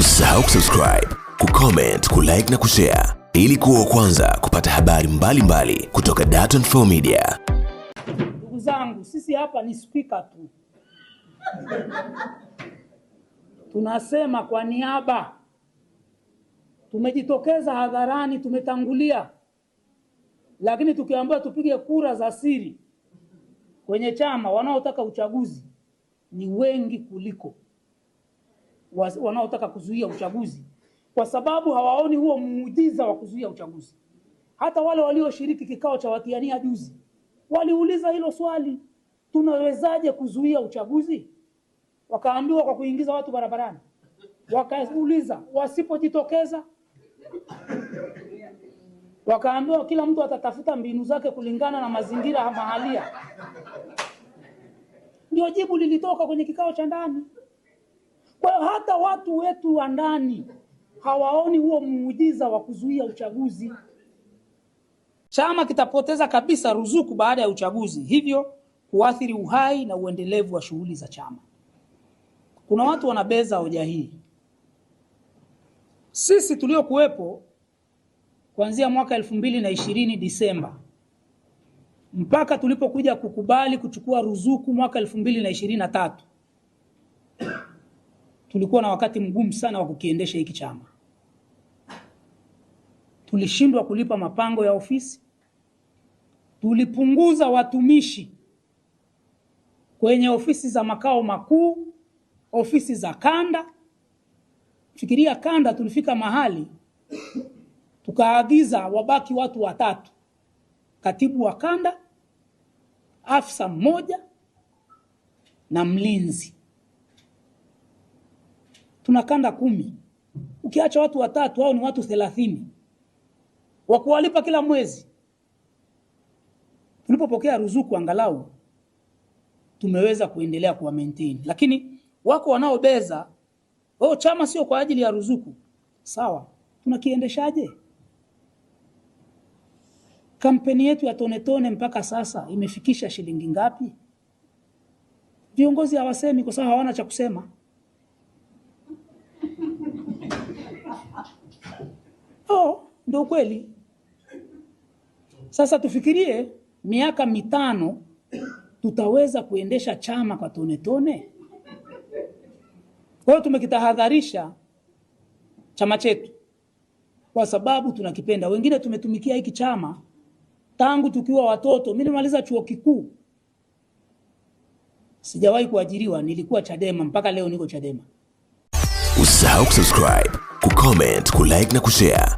Usisahau kusubscribe, kucomment, kulike na kushare ili kuwa kwanza kupata habari mbalimbali mbali kutoka Dar24 Media. Ndugu zangu, sisi hapa ni spika tu tunasema kwa niaba, tumejitokeza hadharani, tumetangulia, lakini tukiambiwa tupige kura za siri kwenye chama, wanaotaka uchaguzi ni wengi kuliko wanaotaka kuzuia uchaguzi, kwa sababu hawaoni huo muujiza wa kuzuia uchaguzi. Hata wale walioshiriki kikao cha watiania juzi waliuliza hilo swali, tunawezaje kuzuia uchaguzi? Wakaambiwa kwa kuingiza watu barabarani. Wakauliza wasipojitokeza, wakaambiwa kila mtu atatafuta mbinu zake kulingana na mazingira mahalia. Ndio jibu lilitoka kwenye kikao cha ndani. Kwa hiyo hata watu wetu wa ndani hawaoni huo muujiza wa kuzuia uchaguzi. Chama kitapoteza kabisa ruzuku baada ya uchaguzi, hivyo kuathiri uhai na uendelevu wa shughuli za chama. Kuna watu wanabeza hoja hii. Sisi tuliokuwepo kuanzia mwaka elfu mbili na ishirini Disemba mpaka tulipokuja kukubali kuchukua ruzuku mwaka elfu mbili na ishirini na tatu tulikuwa na wakati mgumu sana wa kukiendesha hiki chama. Tulishindwa kulipa mapango ya ofisi, tulipunguza watumishi kwenye ofisi za makao makuu, ofisi za kanda. Fikiria kanda, tulifika mahali tukaagiza wabaki watu watatu, katibu wa kanda, afisa mmoja na mlinzi tuna kanda kumi, ukiacha watu watatu au ni watu thelathini wa kuwalipa kila mwezi. tulipopokea ruzuku angalau tumeweza kuendelea kuwa maintain, lakini wako wanaobeza wao, chama sio kwa ajili ya ruzuku. Sawa, tunakiendeshaje? Kampeni yetu ya tone tone mpaka sasa imefikisha shilingi ngapi? Viongozi hawasemi kwa sababu hawana cha kusema. Ndio ukweli. Sasa tufikirie miaka mitano tutaweza kuendesha chama kwa tone tone? Kwa hiyo tumekitahadharisha chama chetu kwa sababu tunakipenda. Wengine tumetumikia hiki chama tangu tukiwa watoto. Mimi nimaliza chuo kikuu sijawahi kuajiriwa, nilikuwa Chadema mpaka leo niko Chadema. Usisahau kusubscribe, kucomment, kulike na kushare